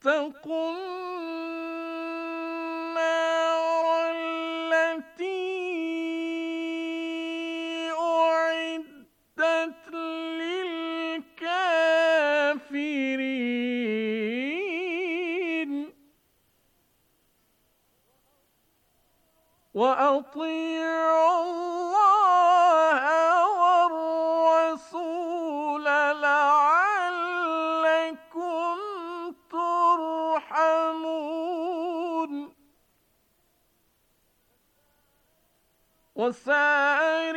成功。عسى أن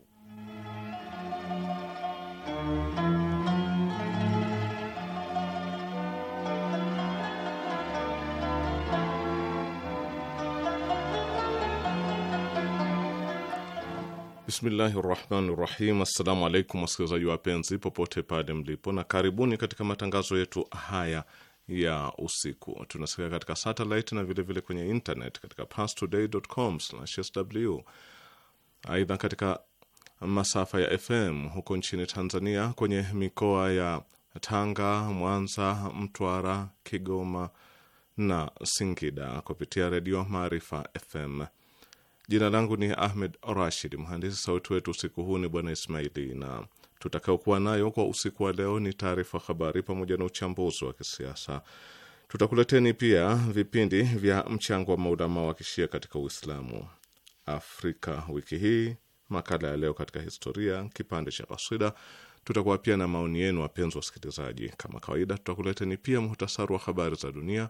Bismillahi rahmani rahim. Assalamu alaikum wasikilizaji wapenzi popote pale mlipo, na karibuni katika matangazo yetu haya ya usiku. Tunasikia katika satellite na vilevile vile kwenye internet katika pastodaycom sw Aidha, katika masafa ya FM huko nchini Tanzania kwenye mikoa ya Tanga, Mwanza, Mtwara, Kigoma na Singida kupitia redio Maarifa FM. Jina langu ni Ahmed Rashid. Mhandisi sauti wetu usiku huu ni Bwana Ismaili, na tutakaokuwa nayo kwa usiku wa leo ni taarifa habari pamoja na uchambuzi wa kisiasa. Tutakuleteni pia vipindi vya mchango wa maulama wa kishia katika Uislamu, Afrika wiki hii, makala ya leo katika historia, kipande cha kasida. Tutakuwa pia na maoni yenu, wapenzi wasikilizaji. Kama kawaida, tutakuleteni pia muhtasari wa habari za dunia,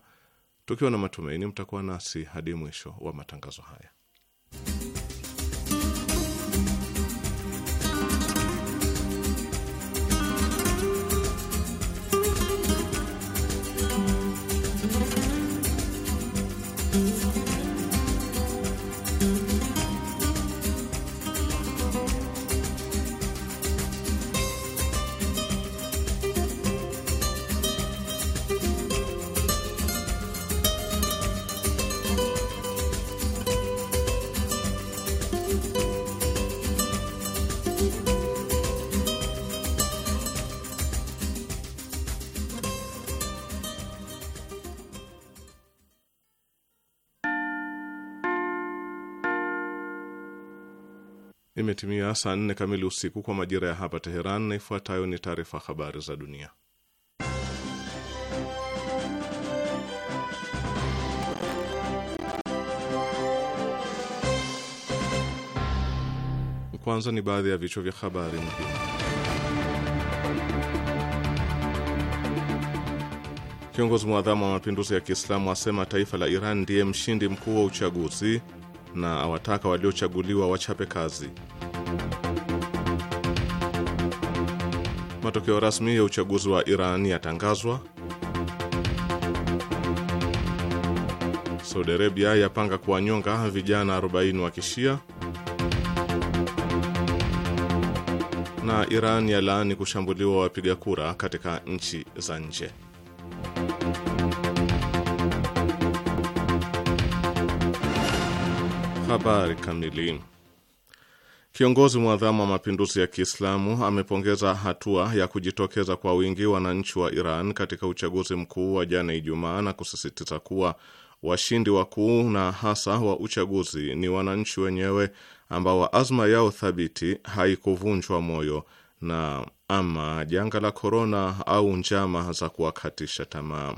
tukiwa na matumaini mtakuwa nasi hadi mwisho wa matangazo haya. imetimia saa nne kamili usiku kwa majira ya hapa Teheran, na ifuatayo ni taarifa habari za dunia. Kwanza ni baadhi ya vichwa vya habari muhimu. Kiongozi mwadhamu wa mapinduzi ya Kiislamu asema taifa la Iran ndiye mshindi mkuu wa uchaguzi na awataka waliochaguliwa wachape kazi. matokeo rasmi ya uchaguzi wa Iran yatangazwa. Saudi Arabia yapanga kuwanyonga vijana 40 wa Kishia. Na Iran yalaani kushambuliwa wapiga kura katika nchi za nje. Habari kamili. Kiongozi mwadhamu wa mapinduzi ya Kiislamu amepongeza hatua ya kujitokeza kwa wingi wananchi wa Iran katika uchaguzi mkuu wa jana Ijumaa na kusisitiza kuwa washindi wakuu na hasa wa uchaguzi ni wananchi wenyewe ambao azma yao thabiti haikuvunjwa moyo na ama janga la korona au njama za kuwakatisha tamaa.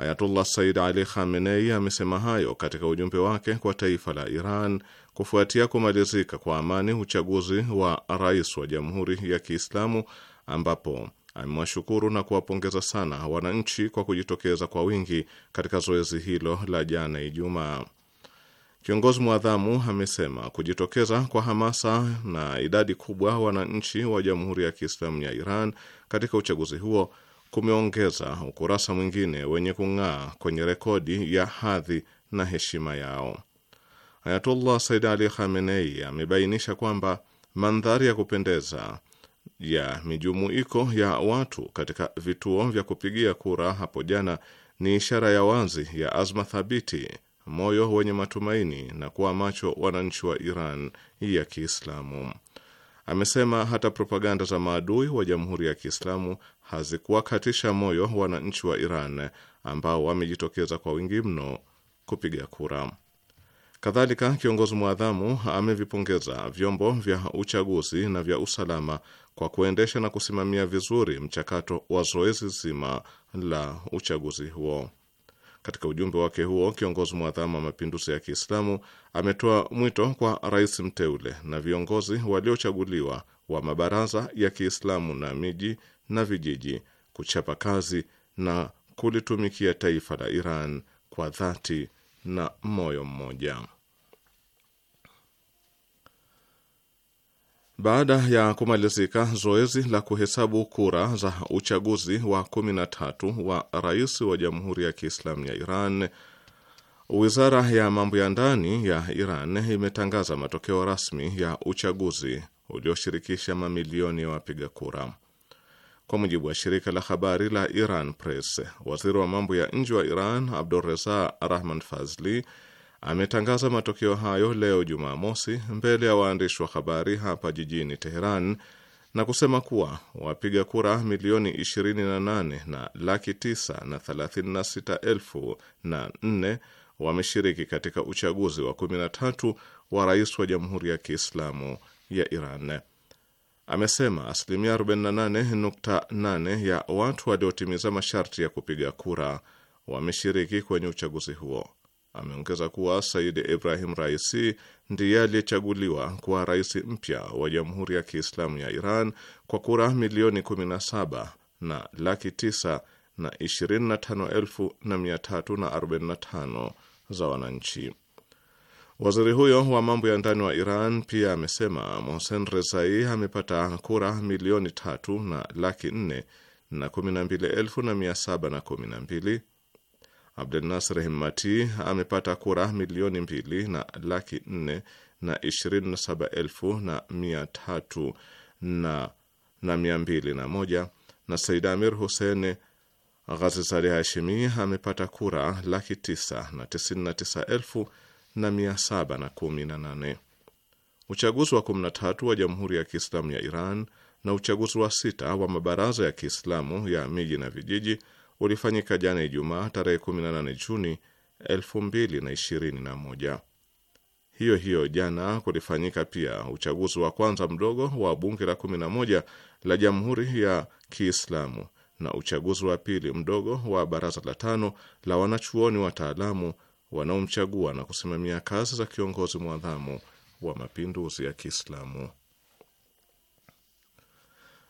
Ayatullah Said Ali Khamenei amesema hayo katika ujumbe wake kwa taifa la Iran kufuatia kumalizika kwa amani uchaguzi wa rais wa Jamhuri ya Kiislamu, ambapo amewashukuru na kuwapongeza sana wananchi kwa kujitokeza kwa wingi katika zoezi hilo la jana Ijumaa. Kiongozi mwadhamu amesema kujitokeza kwa hamasa na idadi kubwa wananchi wa Jamhuri ya Kiislamu ya Iran katika uchaguzi huo kumeongeza ukurasa mwingine wenye kung'aa kwenye rekodi ya hadhi na heshima yao. Ayatullah Said Ali Khamenei amebainisha kwamba mandhari ya kupendeza ya mijumuiko ya watu katika vituo vya kupigia kura hapo jana ni ishara ya wazi ya azma thabiti, moyo wenye matumaini na kuwa macho wananchi wa Iran ya Kiislamu. Amesema hata propaganda za maadui wa Jamhuri ya Kiislamu hazikuwakatisha moyo wananchi wa Iran ambao wamejitokeza kwa wingi mno kupiga kura. Kadhalika, kiongozi mwadhamu amevipongeza vyombo vya uchaguzi na vya usalama kwa kuendesha na kusimamia vizuri mchakato wa zoezi zima la uchaguzi huo. Katika ujumbe wake huo, kiongozi mwadhamu wa mapinduzi ya Kiislamu ametoa mwito kwa rais mteule na viongozi waliochaguliwa wa mabaraza ya Kiislamu na miji na vijiji kuchapa kazi na kulitumikia taifa la Iran kwa dhati na moyo mmoja. Baada ya kumalizika zoezi la kuhesabu kura za uchaguzi wa 13 wa rais wa Jamhuri ya Kiislamu ya Iran, Wizara ya Mambo ya Ndani ya Iran imetangaza matokeo rasmi ya uchaguzi ulioshirikisha mamilioni ya wapiga kura. Kwa mujibu wa shirika la habari la Iran Press, waziri wa mambo ya nje wa Iran Abdulreza Rahman Fazli ametangaza matokeo hayo leo Jumamosi mbele ya waandishi wa habari hapa jijini Teheran na kusema kuwa wapiga kura milioni 28 na laki 9 na 36 elfu na wameshiriki katika uchaguzi wa 13 wa rais wa Jamhuri ya Kiislamu ya Iran. Amesema asilimia 48.8 ya watu waliotimiza masharti ya kupiga kura wameshiriki kwenye uchaguzi huo. Ameongeza kuwa Said Ibrahim Raisi ndiye aliyechaguliwa kuwa rais mpya wa Jamhuri ya Kiislamu ya Iran kwa kura milioni 17 na laki 9 na 25,345 za wananchi. Waziri huyo wa mambo ya ndani wa Iran pia amesema Mohsen Rezai amepata kura milioni tatu na laki nne na 12,712 Abdel Nasr Himmati amepata kura milioni mbili na laki nne na ishirini na saba elfu na mia tatu na na mia mbili na moja na Said Amir Hussein Ghazizade Hashimi amepata kura laki tisa na tisini na tisa elfu na mia saba na kumi na nane. Uchaguzi wa 13 wa Jamhuri ya Kiislamu ya Iran na uchaguzi wa sita wa mabaraza ya Kiislamu ya miji na vijiji ulifanyika jana Ijumaa tarehe 18 Juni 2021. Hiyo hiyo jana kulifanyika pia uchaguzi wa kwanza mdogo wa bunge la 11 la Jamhuri ya Kiislamu na uchaguzi wa pili mdogo wa baraza la tano la wanachuoni wataalamu wanaomchagua na kusimamia kazi za kiongozi mwadhamu wa mapinduzi ya Kiislamu.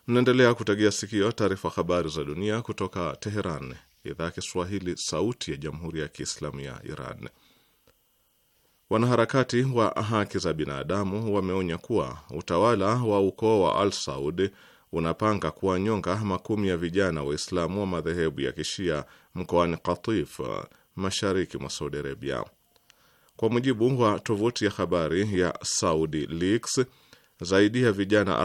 Mnaendelea kutegea sikio taarifa habari za dunia kutoka Teheran, idhaa ya Kiswahili, sauti ya jamhuri ya kiislamu ya Iran. Wanaharakati wa haki za binadamu wameonya kuwa utawala wa ukoo wa Al Saud unapanga kuwanyonga makumi ya vijana Waislamu wa madhehebu ya kishia mkoani katif mashariki mwa Saudi Arabia. Kwa mujibu wa tovuti ya habari ya Saudi Leaks, zaidi ya vijana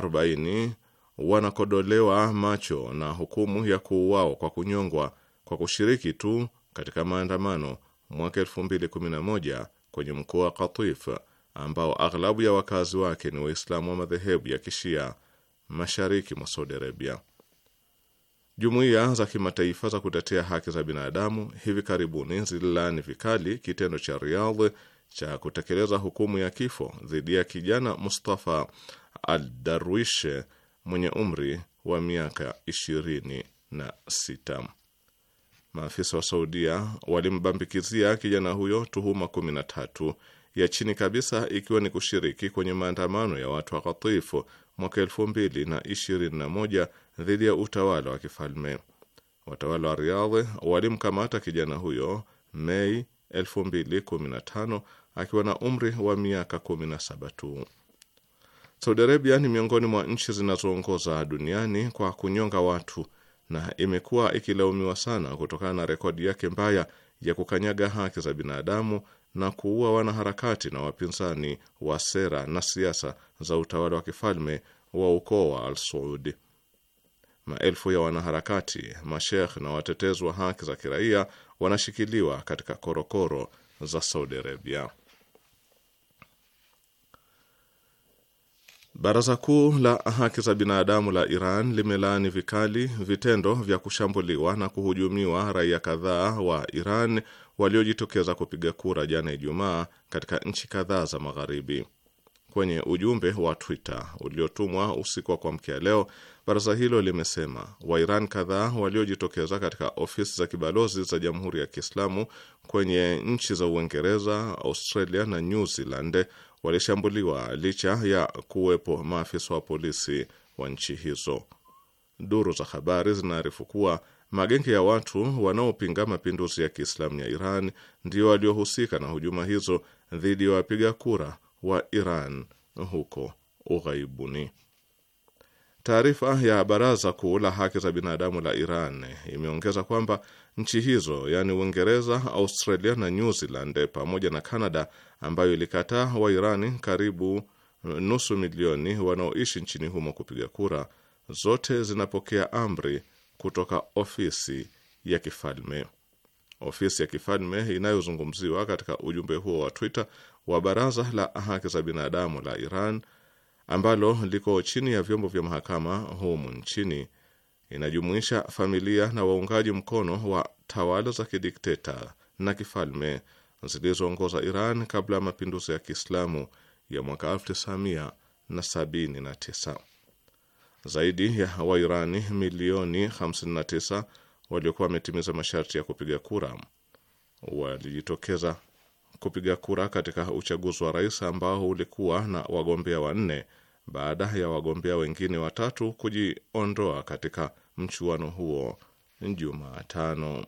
wanakodolewa macho na hukumu ya kuuawa kwa kunyongwa kwa kushiriki tu katika maandamano mwaka 2011 kwenye mkoa wa Qatif ambao aghlabu ya wakazi wake ni Waislamu wa madhehebu ya Kishia mashariki mwa Saudi Arabia. Jumuiya za kimataifa za kutetea haki za binadamu hivi karibuni zililaani vikali kitendo cha Riyadh cha kutekeleza hukumu ya kifo dhidi ya kijana Mustafa Al-Darwish mwenye umri wa miaka ishirini na sita. Maafisa wa Saudia walimbambikizia kijana huyo tuhuma kumi na tatu ya chini kabisa ikiwa ni kushiriki kwenye maandamano ya watu wa Katifu mwaka elfu mbili na ishirini na moja dhidi ya utawala wa kifalme. Watawala wa Riyadh walimkamata kijana huyo Mei elfu mbili kumi na tano akiwa na umri wa miaka kumi na saba tu. Saudi Arabia ni miongoni mwa nchi zinazoongoza duniani kwa kunyonga watu na imekuwa ikilaumiwa sana kutokana na rekodi yake mbaya ya kukanyaga haki za binadamu na kuua wanaharakati na wapinzani wa sera na siasa za utawala wa kifalme wa ukoo wa Al Saudi. Maelfu ya wanaharakati, mashekh na watetezi wa haki za kiraia wanashikiliwa katika korokoro za Saudi Arabia. Baraza Kuu la Haki za Binadamu la Iran limelaani vikali vitendo vya kushambuliwa na kuhujumiwa raia kadhaa wa Iran waliojitokeza kupiga kura jana Ijumaa katika nchi kadhaa za Magharibi. Kwenye ujumbe wa Twitter uliotumwa usiku wa kuamkia leo, baraza hilo limesema Wairan kadhaa waliojitokeza katika ofisi za kibalozi za Jamhuri ya Kiislamu kwenye nchi za Uingereza, Australia na New Zealand walishambuliwa licha ya kuwepo maafisa wa polisi wa nchi hizo. Duru za habari zinaarifu kuwa magenge ya watu wanaopinga mapinduzi ya Kiislamu ya Iran ndio waliohusika na hujuma hizo dhidi ya wapiga kura wa Iran huko ughaibuni. Taarifa ya Baraza Kuu la Haki za Binadamu la Iran imeongeza kwamba nchi hizo yaani Uingereza, Australia na New Zealand pamoja na Canada ambayo ilikataa Wairani karibu nusu milioni wanaoishi nchini humo kupiga kura, zote zinapokea amri kutoka ofisi ya kifalme. Ofisi ya kifalme inayozungumziwa katika ujumbe huo wa Twitter wa Baraza la Haki za Binadamu la Iran ambalo liko chini ya vyombo vya mahakama humu nchini inajumuisha familia na waungaji mkono wa tawala za kidikteta na kifalme zilizoongoza Iran kabla ya mapinduzi ya Kiislamu ya mwaka 1979. Zaidi ya Wairani milioni 59 waliokuwa wametimiza masharti ya kupiga kura walijitokeza kupiga kura katika uchaguzi wa rais ambao ulikuwa na wagombea wanne baada ya wagombea wengine watatu kujiondoa katika mchuano huo Jumatano.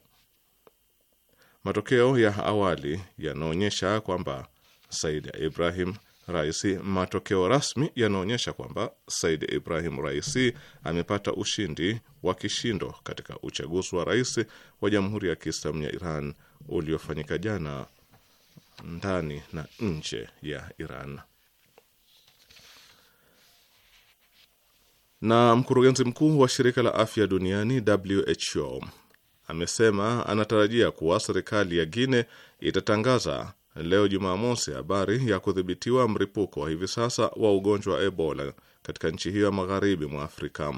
Matokeo ya awali yanaonyesha kwamba Said Ibrahim Raisi. Matokeo rasmi yanaonyesha kwamba Said Ibrahim Raisi amepata ushindi wa kishindo katika uchaguzi wa rais wa Jamhuri ya Kiislamu ya Iran uliofanyika jana ndani na nje ya Iran. Na mkurugenzi mkuu wa shirika la afya duniani WHO amesema anatarajia kuwa serikali ya guine itatangaza leo Jumamosi habari ya kudhibitiwa mripuko wa hivi sasa wa ugonjwa wa Ebola katika nchi hiyo ya magharibi mwa Afrika.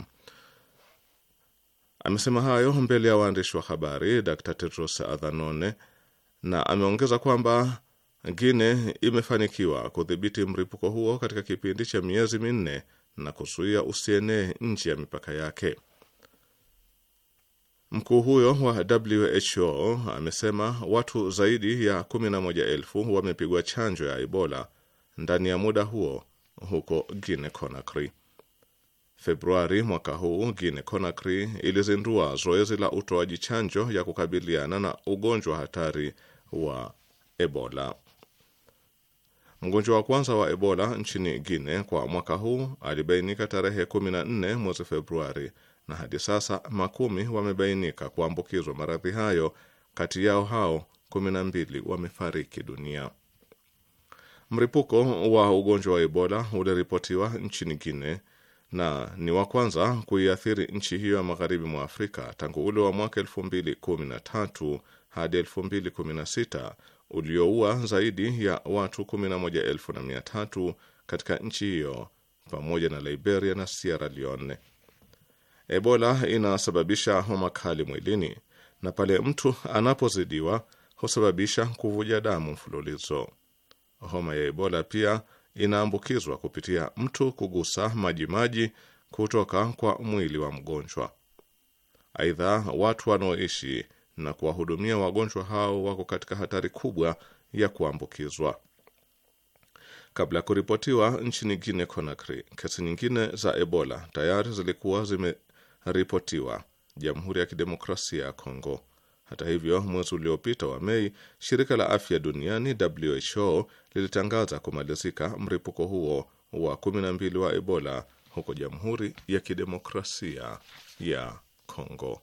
Amesema hayo mbele ya waandishi wa habari Dr. Tedros Adhanom na ameongeza kwamba guine imefanikiwa kudhibiti mlipuko huo katika kipindi cha miezi minne na kuzuia usienee nje ya mipaka yake. Mkuu huyo wa WHO amesema watu zaidi ya 11,000 wamepigwa chanjo ya Ebola ndani ya muda huo huko guine Conakry. Februari mwaka huu guine Conakry ilizindua zoezi la utoaji chanjo ya kukabiliana na ugonjwa hatari wa Ebola. Mgonjwa wa kwanza wa Ebola nchini guine kwa mwaka huu alibainika tarehe 14 mwezi Februari, na hadi sasa makumi wamebainika kuambukizwa maradhi hayo. Kati yao hao 12 wamefariki dunia. Mripuko wa ugonjwa wa Ebola uliripotiwa nchini guine na ni wa kwanza kuiathiri nchi hiyo ya magharibi mwa Afrika tangu ule wa mwaka 2013 hadi 2016 ulioua zaidi ya watu 11,300 katika nchi hiyo pamoja na Liberia na Sierra Leone. Ebola inasababisha homa kali mwilini na pale mtu anapozidiwa husababisha kuvuja damu mfululizo. Homa ya Ebola pia inaambukizwa kupitia mtu kugusa majimaji kutoka kwa mwili wa mgonjwa. Aidha, watu wanaoishi na kuwahudumia wagonjwa hao wako katika hatari kubwa ya kuambukizwa. Kabla ya kuripotiwa nchini Guinea Conakry, kesi nyingine za Ebola tayari zilikuwa zimeripotiwa Jamhuri ya Kidemokrasia ya Kongo. Hata hivyo, mwezi uliopita wa Mei, shirika la afya duniani WHO lilitangaza kumalizika mlipuko huo wa 12 wa Ebola huko Jamhuri ya Kidemokrasia ya Kongo.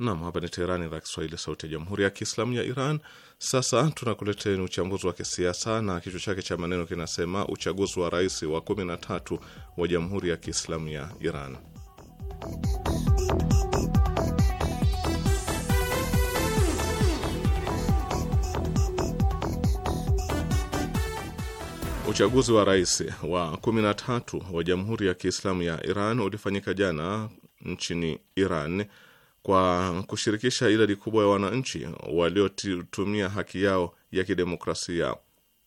Nam, hapa ni Teherani, idhaa Kiswahili, sauti ya jamhuri ya kiislamu ya Iran. Sasa tunakuleteni uchambuzi wa kisiasa na kichwa chake cha maneno kinasema uchaguzi wa rais wa 13 wa jamhuri ya kiislamu ya Iran. Uchaguzi wa rais wa 13 wa jamhuri ya kiislamu ya Iran ulifanyika jana nchini Iran kwa kushirikisha idadi kubwa ya wananchi waliotumia haki yao ya kidemokrasia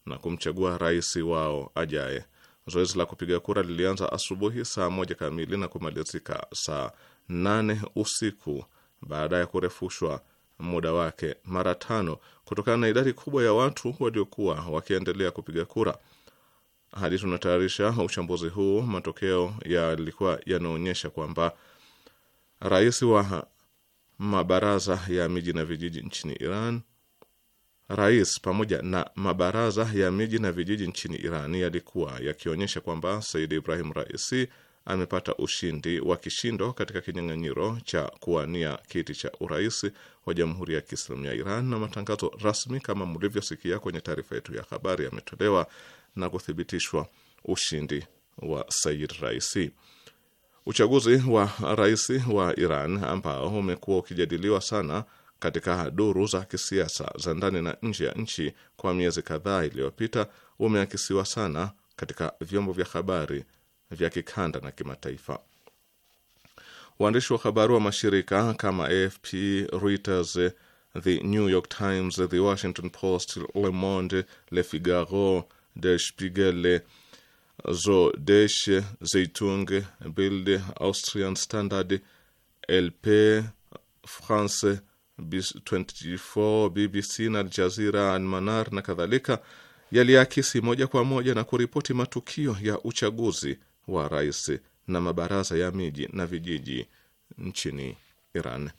na kumchagua rais wao ajaye. Zoezi la kupiga kura lilianza asubuhi saa moja kamili na kumalizika saa nane usiku baada ya kurefushwa muda wake mara tano kutokana na idadi kubwa ya watu waliokuwa wakiendelea kupiga kura. Hadi tunatayarisha uchambuzi huu, matokeo yalikuwa yanaonyesha kwamba rais wa mabaraza ya miji na vijiji nchini Iran. Rais pamoja na mabaraza ya miji na vijiji nchini Iran yalikuwa yakionyesha kwamba Said Ibrahim Raisi amepata ushindi wa kishindo katika kinyang'anyiro cha kuwania kiti cha urais wa Jamhuri ya Kiislamu ya Iran, na matangazo rasmi kama mlivyosikia kwenye taarifa yetu ya habari yametolewa na kuthibitishwa ushindi wa Said Raisi. Uchaguzi wa rais wa Iran ambao umekuwa ukijadiliwa sana katika duru za kisiasa za ndani na nje ya nchi kwa miezi kadhaa iliyopita umeakisiwa sana katika vyombo vya habari vya kikanda na kimataifa. Waandishi wa habari wa mashirika kama AFP, Reuters, The New York Times, The Washington Post, Le Monde, Le Figaro, Der Spiegel Zodesche Zeitung, Bild, Austrian Standard, LP, France 24, BBC na Aljazira, Almanar na kadhalika yaliakisi moja kwa moja na kuripoti matukio ya uchaguzi wa rais na mabaraza ya miji na vijiji nchini Iran.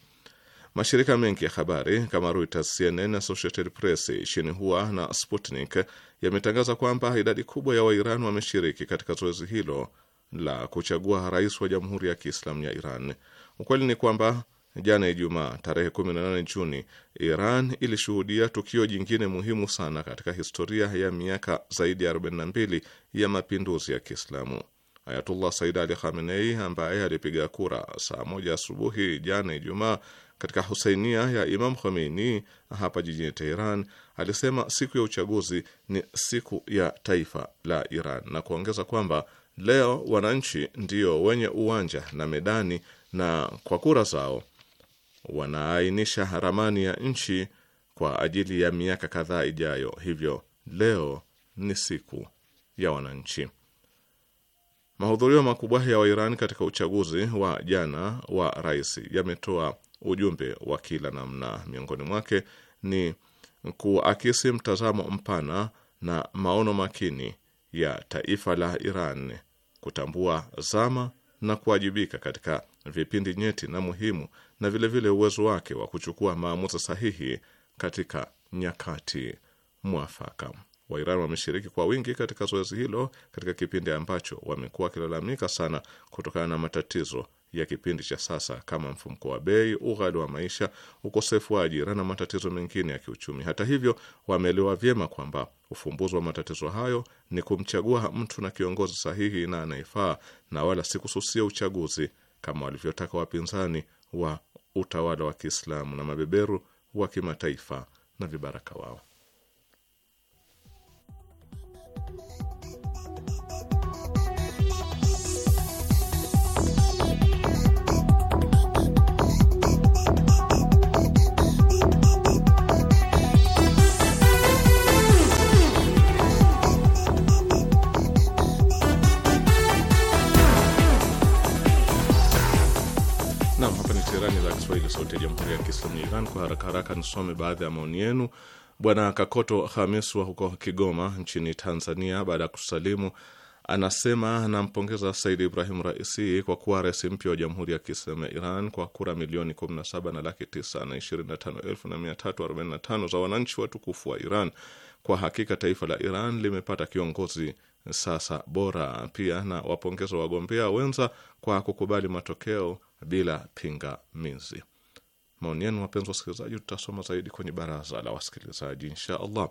Mashirika mengi ya habari kama Reuters, CNN, Associated Press, Xinhua na Sputnik yametangaza kwamba idadi kubwa ya Wairan wameshiriki katika zoezi hilo la kuchagua rais wa Jamhuri ya Kiislamu ya Iran. Ukweli ni kwamba jana Ijumaa tarehe 18 Juni, Iran ilishuhudia tukio jingine muhimu sana katika historia ya miaka zaidi ya 42 ya mapinduzi ya Kiislamu. Ayatullah Said Ali Khamenei ambaye alipiga kura saa moja asubuhi jana Ijumaa katika husainia ya Imam Khomeini hapa jijini Teheran alisema siku ya uchaguzi ni siku ya taifa la Iran na kuongeza kwamba leo wananchi ndio wenye uwanja na medani, na kwa kura zao wanaainisha ramani ya nchi kwa ajili ya miaka kadhaa ijayo. Hivyo leo ni siku ya wananchi. Mahudhurio makubwa ya Wairani katika uchaguzi wa jana wa rais yametoa ujumbe wa kila namna. Miongoni mwake ni kuakisi mtazamo mpana na maono makini ya taifa la Iran, kutambua zama na kuwajibika katika vipindi nyeti na muhimu, na vilevile vile uwezo wake wa kuchukua maamuzi sahihi katika nyakati mwafaka. Wairani wameshiriki kwa wingi katika zoezi hilo katika kipindi ambacho wamekuwa wakilalamika sana kutokana na matatizo ya kipindi cha sasa kama mfumko wa bei, ughali wa maisha, ukosefu wa ajira na matatizo mengine ya kiuchumi. Hata hivyo, wameelewa vyema kwamba ufumbuzi wa matatizo hayo ni kumchagua mtu na kiongozi sahihi na anayefaa, na wala si kususia uchaguzi kama walivyotaka wapinzani wa utawala wa Kiislamu na mabeberu wa kimataifa na vibaraka wao. Kiswahili sauti ya jamhuri ya Kiislamu ya Iran. Kwa haraka haraka nisome baadhi ya maoni yenu. Bwana Kakoto Hamis wa huko Kigoma nchini Tanzania, baada ya kusalimu, anasema nampongeza Said Ibrahim Raisi kwa kuwa rais mpya wa jamhuri ya Kiislamu ya Iran kwa kura milioni 17 na laki 9 na 25,345 za wananchi watukufu wa Iran. Kwa hakika taifa la Iran limepata kiongozi sasa bora. Pia na wapongeza wagombea wenza kwa kukubali matokeo bila pingamizi. Maoni yenu wapenzi wasikilizaji, tutasoma zaidi kwenye baraza la wasikilizaji insha allah.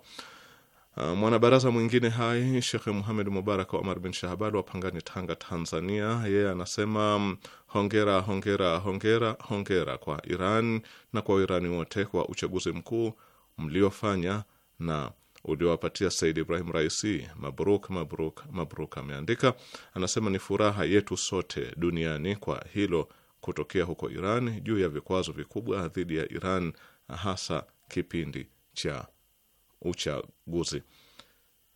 Uh, ah, mwanabaraza mwingine hai Shekhe Muhamed Mubarak Omar bin Shahbal wa Pangani, Tanga, Tanzania. Yeye anasema hongera, hongera, hongera, hongera kwa Iran na kwa Wairani wote kwa uchaguzi mkuu mliofanya na uliowapatia Said Ibrahim Raisi. Mabruk, mabruk, mabruk. Ameandika anasema, ni furaha yetu sote duniani kwa hilo kutokea huko Iran juu ya vikwazo vikubwa dhidi ya Iran hasa kipindi cha uchaguzi.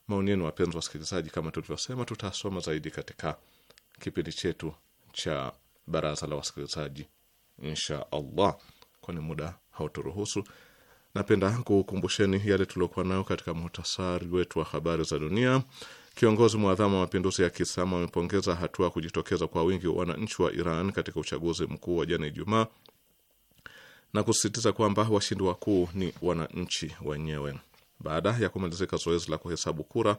Maoni yenu wapenzi wasikilizaji, kama tulivyosema, tutasoma zaidi katika kipindi chetu cha baraza la wasikilizaji insha Allah, kwani muda hauturuhusu. Napenda kukumbusheni yale tuliokuwa nayo katika muhtasari wetu wa habari za dunia. Kiongozi mwadhamu wa mapinduzi ya Kiislamu amepongeza hatua kujitokeza kwa wingi wananchi wa Iran katika uchaguzi mkuu wa jana Ijumaa na kusisitiza kwamba washindi wakuu ni wananchi wenyewe. Baada ya kumalizika zoezi la kuhesabu kura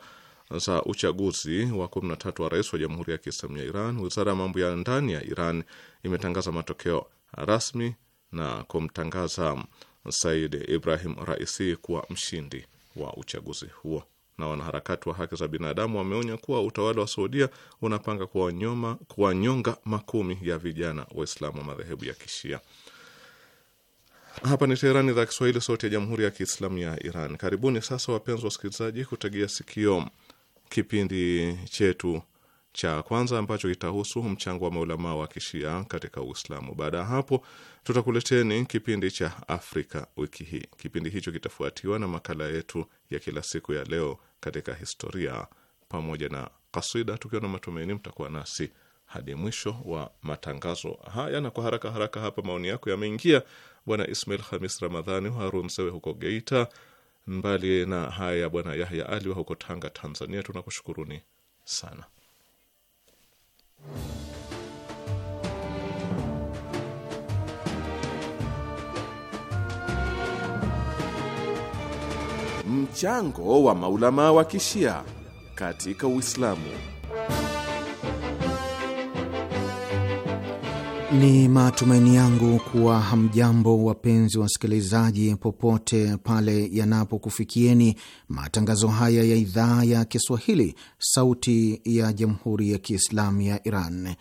za uchaguzi wa 13 wa rais wa Jamhuri ya Kiislamu ya Iran, wizara ya mambo ya ndani ya Iran imetangaza matokeo rasmi na kumtangaza Said Ibrahim Raisi kuwa mshindi wa uchaguzi huo na wanaharakati wa haki za binadamu wameonya kuwa utawala wa Saudia unapanga kuwanyonga makumi ya vijana Waislamu wa madhehebu ya Kishia. Hapa ni Teherani, idhaa ya Kiswahili, sauti ya jamhuri ya kiislamu ya Iran. Karibuni sasa, wapenzi wasikilizaji, kutegea sikio kipindi chetu cha kwanza ambacho kitahusu mchango wa maulamaa wa kishia katika Uislamu. Baada ya hapo, tutakuleteni kipindi cha Afrika wiki hii. Kipindi hicho kitafuatiwa na makala yetu ya kila siku ya leo katika historia pamoja na kasida, tukiwa na matumaini mtakuwa nasi hadi mwisho wa matangazo haya. Na kwa haraka haraka hapa maoni yako yameingia, Bwana Ismail Hamis Ramadhani wa huko Geita. Mbali na haya, Bwana Yahya aliwa huko Tanga, Tanzania, tunakushukuruni sana. Mchango wa maulama wa kishia katika Uislamu. Ni matumaini yangu kuwa hamjambo wapenzi wasikilizaji, popote pale yanapokufikieni matangazo haya ya idhaa ya Kiswahili, Sauti ya Jamhuri ya Kiislamu ya Iran.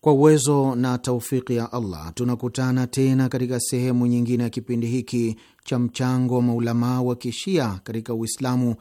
Kwa uwezo na taufiki ya Allah, tunakutana tena katika sehemu nyingine ya kipindi hiki cha mchango wa maulamaa wa kishia katika Uislamu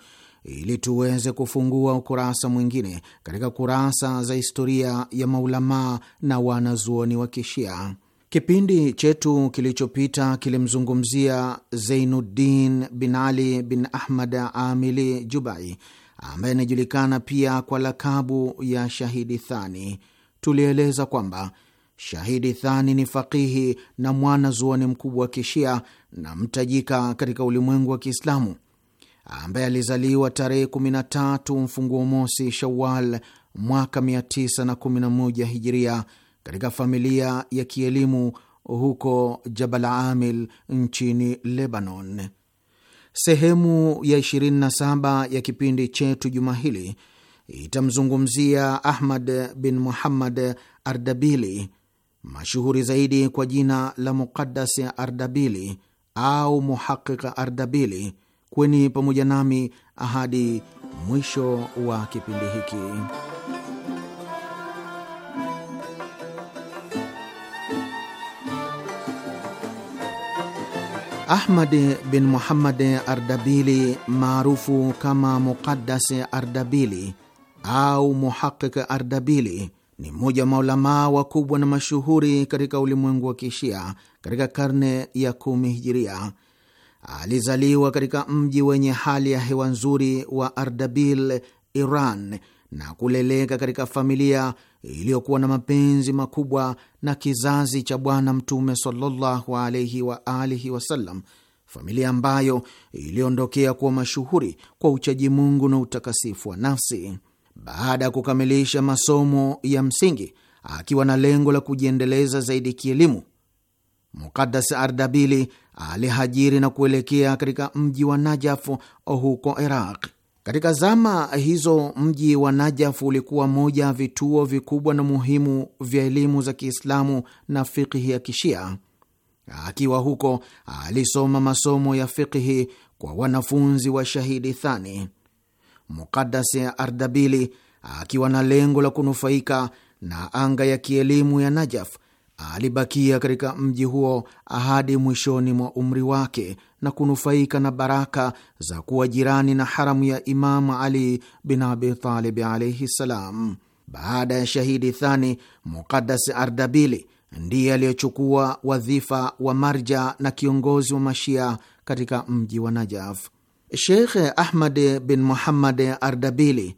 ili tuweze kufungua ukurasa mwingine katika kurasa za historia ya maulamaa na wanazuoni wa kishia. Kipindi chetu kilichopita kilimzungumzia Zeinuddin bin Ali bin Ahmad Amili Jubai ambaye anajulikana pia kwa lakabu ya Shahidi Thani. Tulieleza kwamba Shahidi Thani ni fakihi na zuoni mkubwa wa kishia na mtajika katika ulimwengu wa Kiislamu ambaye alizaliwa tarehe 13 mfunguo mosi Shawal mwaka 911 Hijiria katika familia ya kielimu huko Jabal Amil nchini Lebanon. Sehemu ya 27 ya kipindi chetu juma hili itamzungumzia Ahmad bin Muhammad Ardabili, mashuhuri zaidi kwa jina la Muqaddas Ardabili, au Muhaqiqa Ardabili. Kweni pamoja nami hadi mwisho wa kipindi hiki. Ahmad bin Muhammad Ardabili maarufu kama Muqaddas Ardabili au Muhaqiq Ardabili ni mmoja wa maulamaa wakubwa na mashuhuri katika ulimwengu wa Kishia katika karne ya kumi hijiria. Alizaliwa katika mji wenye hali ya hewa nzuri wa Ardabil, Iran, na kuleleka katika familia iliyokuwa na mapenzi makubwa na kizazi cha Bwana Mtume sallallahu alaihi wa alihi wasallam, familia ambayo iliondokea kuwa mashuhuri kwa uchaji Mungu na utakasifu wa nafsi. Baada ya kukamilisha masomo ya msingi, akiwa na lengo la kujiendeleza zaidi kielimu, Mukadas Ardabili alihajiri na kuelekea katika mji wa Najafu huko Iraq. Katika zama hizo mji wa Najaf ulikuwa moja ya vituo vikubwa na muhimu vya elimu za Kiislamu na fikihi ya Kishia. Akiwa huko alisoma masomo ya fikihi kwa wanafunzi wa Shahidi Thani. Mukadas Ardabili akiwa na lengo la kunufaika na anga ya kielimu ya Najaf alibakia katika mji huo hadi mwishoni mwa umri wake na kunufaika na baraka za kuwa jirani na haramu ya Imamu Ali bin Abitalib alaihi ssalam. Baada ya shahidi Thani, Muqadas Ardabili ndiye aliyechukua wadhifa wa marja na kiongozi wa Mashia katika mji wa Najaf. Sheikh Ahmad bin Muhammad Ardabili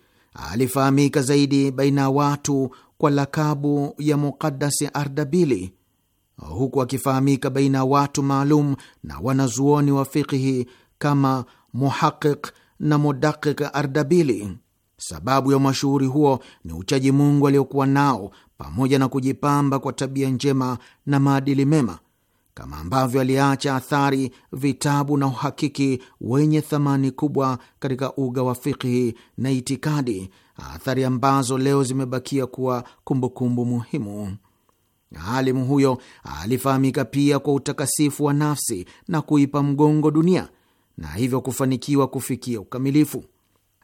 alifahamika zaidi baina ya watu kwa lakabu ya Muqaddasi Ardabili, huku akifahamika baina ya watu maalum na wanazuoni wa fikhi kama Muhaqiq na Mudaqiq Ardabili. Sababu ya mashuhuri huo ni uchaji Mungu aliokuwa nao pamoja na kujipamba kwa tabia njema na maadili mema, kama ambavyo aliacha athari, vitabu na uhakiki wenye thamani kubwa katika uga wa fikhi na itikadi athari ambazo leo zimebakia kuwa kumbukumbu muhimu. Alimu huyo alifahamika pia kwa utakasifu wa nafsi na kuipa mgongo dunia na hivyo kufanikiwa kufikia ukamilifu.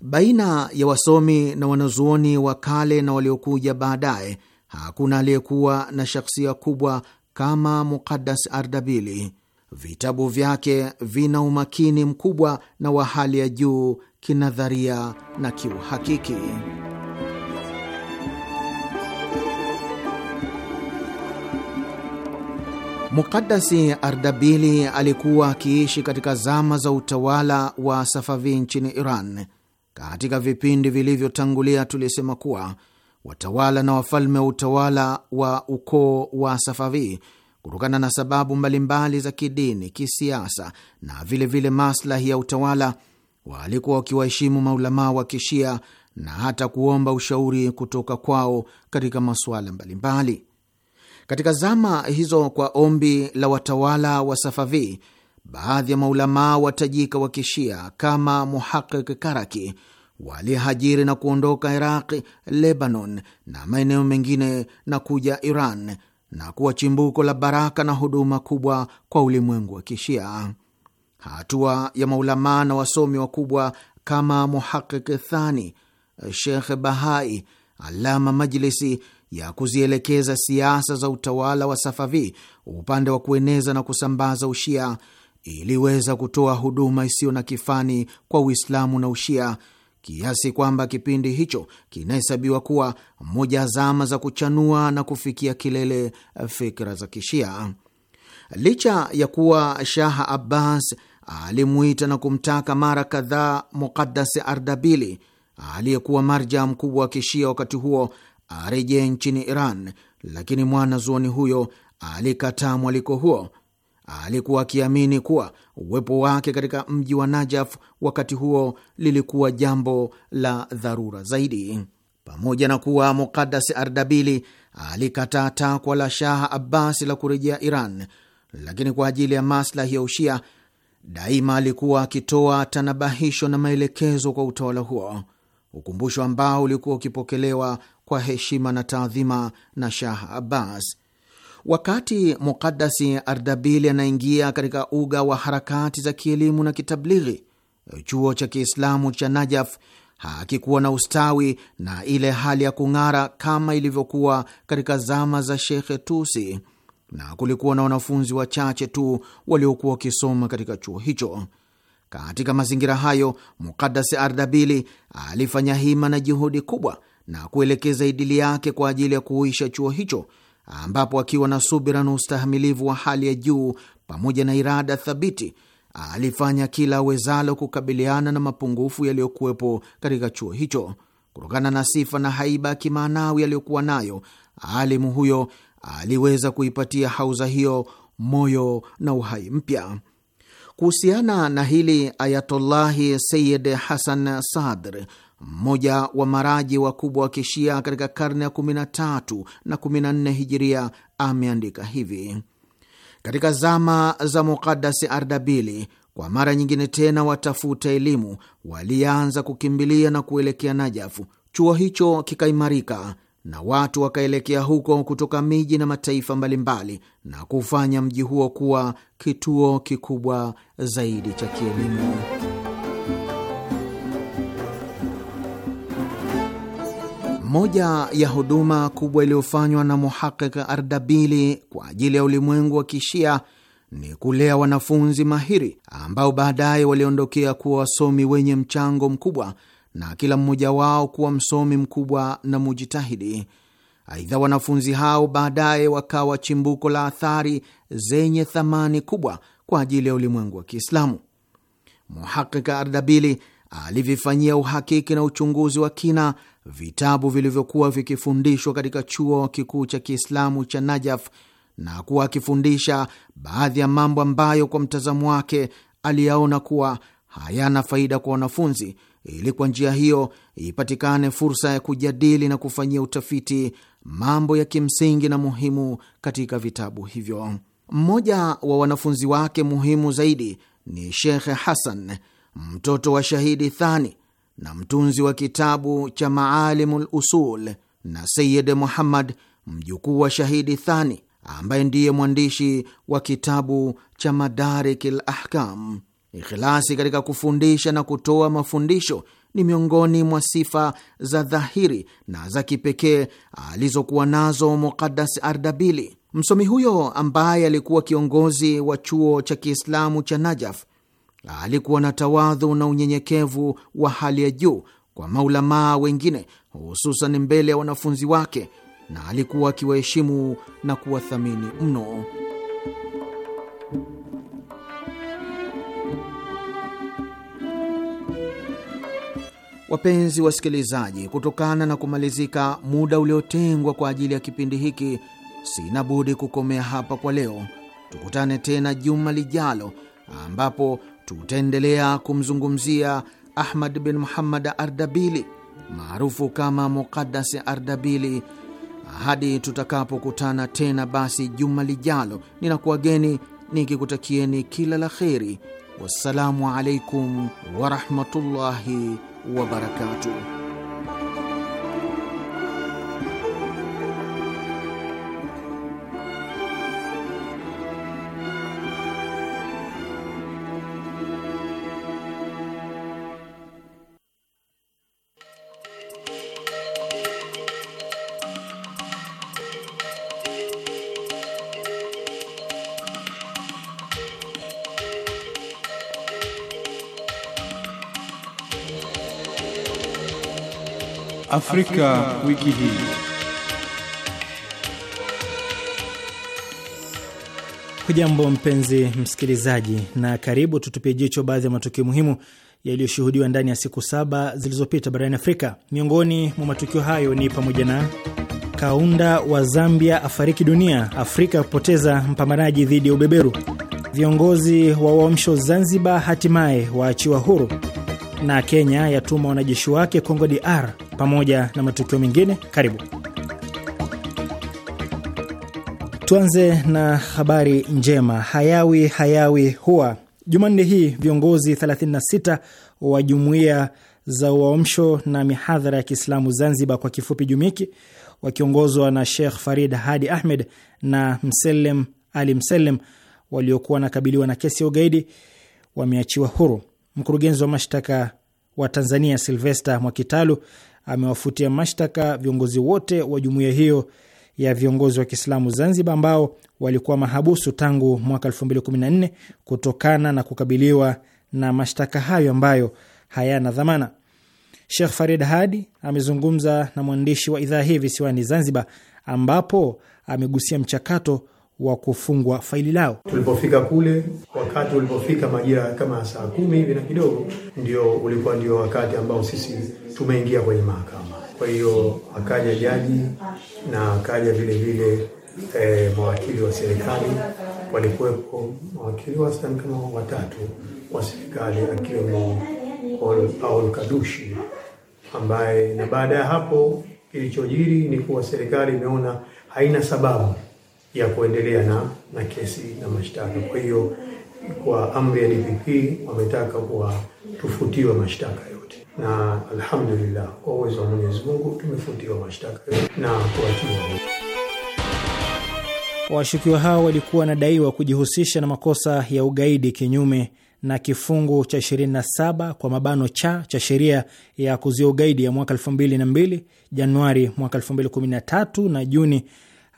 Baina ya wasomi na wanazuoni wa kale na waliokuja baadaye, hakuna aliyekuwa na shakhsia kubwa kama Muqaddas Ardabili. Vitabu vyake vina umakini mkubwa na wa hali ya juu kinadharia na kiuhakiki. Mukadasi Ardabili alikuwa akiishi katika zama za utawala wa Safavi nchini Iran. Katika vipindi vilivyotangulia, tulisema kuwa watawala na wafalme wa utawala wa ukoo wa Safavi, kutokana na sababu mbalimbali za kidini, kisiasa na vilevile vile maslahi ya utawala walikuwa wakiwaheshimu maulamaa wa kishia na hata kuomba ushauri kutoka kwao katika masuala mbalimbali. Katika zama hizo, kwa ombi la watawala wa Safavi, baadhi ya maulamaa watajika wa kishia kama Muhaqiq Karaki walihajiri na kuondoka iraq Lebanon na maeneo mengine na kuja Iran na kuwa chimbuko la baraka na huduma kubwa kwa ulimwengu wa kishia. Hatua ya maulamaa na wasomi wakubwa kama Muhaqiq Thani, Shekh Bahai, Alama Majlisi ya kuzielekeza siasa za utawala wa Safavi upande wa kueneza na kusambaza Ushia iliweza kutoa huduma isiyo na kifani kwa Uislamu na Ushia kiasi kwamba kipindi hicho kinahesabiwa kuwa moja zama za kuchanua na kufikia kilele fikra za Kishia. Licha ya kuwa shaha Abbas alimuita na kumtaka mara kadhaa Muqaddas Ardabili aliyekuwa marja mkubwa wa kishia wakati huo arejee nchini Iran, lakini mwana zuoni huyo alikataa mwaliko huo. Alikuwa akiamini kuwa uwepo wake katika mji wa Najaf wakati huo lilikuwa jambo la dharura zaidi. Pamoja na kuwa Muqaddas Ardabili alikataa takwa la Shah Abbas la kurejea Iran, lakini kwa ajili ya maslahi ya Ushia daima alikuwa akitoa tanabahisho na maelekezo kwa utawala huo, ukumbusho ambao ulikuwa ukipokelewa kwa heshima na taadhima na Shah Abbas. Wakati Mukadasi Ardabili anaingia katika uga wa harakati za kielimu na kitablighi, chuo cha Kiislamu cha Najaf hakikuwa na ustawi na ile hali ya kung'ara kama ilivyokuwa katika zama za Shekhe Tusi na kulikuwa na wanafunzi wachache tu waliokuwa wakisoma katika chuo hicho. Katika mazingira hayo, Mukadasi Ardabili alifanya hima na juhudi kubwa na kuelekeza idili yake kwa ajili ya kuhuisha chuo hicho, ambapo akiwa na subira na ustahamilivu wa hali ya juu pamoja na irada thabiti alifanya kila awezalo kukabiliana na mapungufu yaliyokuwepo katika chuo hicho. Kutokana na sifa na haiba ya kimaanawi aliyokuwa nayo, alimu huyo aliweza kuipatia hauza hiyo moyo na uhai mpya. Kuhusiana na hili, Ayatollahi Sayid Hasan Sadr, mmoja wa maraji wakubwa wa kishia katika karne ya 13 na 14 hijiria, ameandika hivi: katika zama za Mukadasi Ardabili, kwa mara nyingine tena watafuta elimu walianza kukimbilia na kuelekea Najafu. Chuo hicho kikaimarika na watu wakaelekea huko kutoka miji na mataifa mbalimbali na kufanya mji huo kuwa kituo kikubwa zaidi cha kielimu. Moja ya huduma kubwa iliyofanywa na Muhaqiq Ardabili kwa ajili ya ulimwengu wa Kishia ni kulea wanafunzi mahiri ambao baadaye waliondokea kuwa wasomi wenye mchango mkubwa na kila mmoja wao kuwa msomi mkubwa na mujitahidi. Aidha, wanafunzi hao baadaye wakawa chimbuko la athari zenye thamani kubwa kwa ajili ya ulimwengu wa Kiislamu. Muhakika Ardabili alivifanyia uhakiki na uchunguzi wa kina vitabu vilivyokuwa vikifundishwa katika chuo kikuu cha Kiislamu cha Najaf na kuwa akifundisha baadhi ya mambo ambayo kwa mtazamo wake aliyaona kuwa hayana faida kwa wanafunzi ili kwa njia hiyo ipatikane fursa ya kujadili na kufanyia utafiti mambo ya kimsingi na muhimu katika vitabu hivyo. Mmoja wa wanafunzi wake muhimu zaidi ni Shekhe Hasan, mtoto wa Shahidi Thani na mtunzi wa kitabu cha Maalimul Usul, na Sayid Muhammad, mjukuu wa Shahidi Thani, ambaye ndiye mwandishi wa kitabu cha Madarikil Ahkam. Ikhilasi katika kufundisha na kutoa mafundisho ni miongoni mwa sifa za dhahiri na za kipekee alizokuwa nazo Muqaddas Ardabili. Msomi huyo ambaye alikuwa kiongozi wa chuo cha Kiislamu cha Najaf alikuwa na tawadhu na unyenyekevu wa hali ya juu kwa maulamaa wengine, hususan mbele ya wanafunzi wake, na alikuwa akiwaheshimu na kuwathamini mno. Wapenzi wasikilizaji, kutokana na kumalizika muda uliotengwa kwa ajili ya kipindi hiki, sina budi kukomea hapa kwa leo. Tukutane tena juma lijalo, ambapo tutaendelea kumzungumzia Ahmad bin Muhammad Ardabili maarufu kama Muqaddas Ardabili. Hadi tutakapokutana tena basi juma lijalo, ninakuwageni nikikutakieni kila la kheri. Wassalamu alaikum warahmatullahi wabarakatuh. Afrika wiki hii. Hujambo mpenzi msikilizaji, na karibu tutupie jicho baadhi ya matukio muhimu yaliyoshuhudiwa ndani ya siku saba zilizopita barani Afrika. Miongoni mwa matukio hayo ni pamoja na Kaunda wa Zambia afariki dunia, Afrika kupoteza mpambanaji dhidi ya ubeberu, viongozi wa Wamsho Zanzibar hatimaye waachiwa huru, na Kenya yatuma wanajeshi wake Kongo DR pamoja na matukio mengine. Karibu tuanze na habari njema. Hayawi hayawi huwa. Jumanne hii viongozi 36 wa jumuiya za uamsho na mihadhara ya Kiislamu Zanzibar, kwa kifupi Jumiki, wakiongozwa na Sheikh Farid Hadi Ahmed na Mselem Ali Mselem waliokuwa wanakabiliwa na kesi ya ugaidi wameachiwa huru. Mkurugenzi wa mashtaka wa Tanzania Silvesta Mwakitalu amewafutia mashtaka viongozi wote wa jumuiya hiyo ya viongozi wa Kiislamu Zanzibar ambao walikuwa mahabusu tangu mwaka 2014 kutokana na kukabiliwa na mashtaka hayo ambayo hayana dhamana. Sheikh Farid Hadi amezungumza na mwandishi wa idhaa hii visiwani Zanzibar, ambapo amegusia mchakato wa kufungwa faili lao. Tulipofika kule, wakati ulipofika majira kama saa kumi hivi na kidogo, ndio ulikuwa ndio wakati ambao sisi tumeingia kwenye mahakama. Kwa hiyo akaja jaji na akaja vile vile e, mawakili wa serikali walikuwepo, mawakili wastani kama watatu wa serikali akiwemo Paul Kadushi ambaye, na baada ya hapo kilichojiri ni kuwa serikali imeona haina sababu ya kuendelea na na kesi na mashtaka. Kwa hiyo kwa amri ya DPP wametaka kuwa tufutiwe mashtaka na alhamdulillah, kwa uwezo wa Mwenyezi Mungu tumefutiwa mashtaka na kuachiwa. Washukiwa hao walikuwa wanadaiwa kujihusisha na makosa ya ugaidi kinyume na kifungu cha 27 kwa mabano cha cha sheria ya kuzuia ugaidi ya mwaka 2002 Januari mwaka 2013 na Juni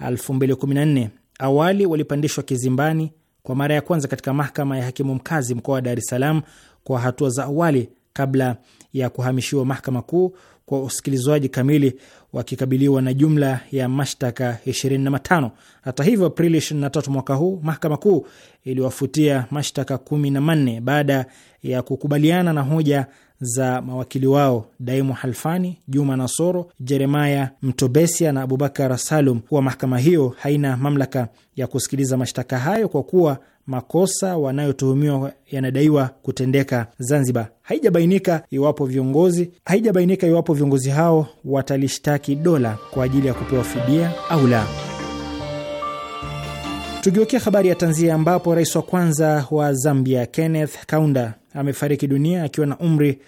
2014. Awali walipandishwa kizimbani kwa mara ya kwanza katika mahakama ya hakimu mkazi mkoa wa Dar es Salaam kwa hatua za awali kabla ya kuhamishiwa mahakama kuu kwa usikilizwaji kamili wakikabiliwa na jumla ya mashtaka 25. Hata hivyo, Aprili 23 mwaka huu mahakama kuu iliwafutia mashtaka 14 baada ya kukubaliana na hoja za mawakili wao Daimu Halfani, Juma Nasoro, Jeremaya Mtobesia na Abubakar Salum kuwa mahakama hiyo haina mamlaka ya kusikiliza mashtaka hayo kwa kuwa makosa wanayotuhumiwa yanadaiwa kutendeka Zanzibar. Haijabainika iwapo viongozi haijabainika iwapo viongozi hao watalishtaki dola kwa ajili ya kupewa fidia au la. tukiwekea habari ya tanzia ambapo rais wa kwanza wa Zambia Kenneth Kaunda amefariki dunia akiwa na umri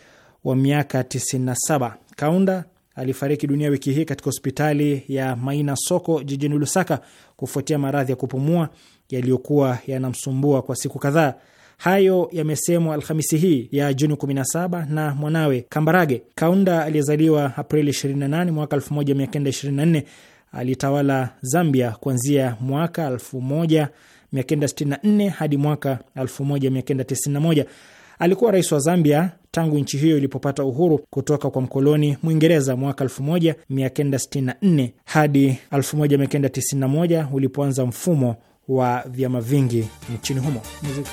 wa miaka 97. Kaunda alifariki dunia wiki hii katika hospitali ya Maina Soko jijini Lusaka kufuatia maradhi ya kupumua yaliyokuwa yanamsumbua kwa siku kadhaa. Hayo yamesemwa Alhamisi hii ya Juni 17 na mwanawe Kambarage. Kaunda aliyezaliwa Aprili 28 mwaka 1924 alitawala Zambia kuanzia mwaka 1964 hadi mwaka 1991. Alikuwa rais wa Zambia tangu nchi hiyo ilipopata uhuru kutoka kwa mkoloni Mwingereza mwaka 1964 hadi 1991 ulipoanza mfumo wa vyama vingi nchini humo. Muziki.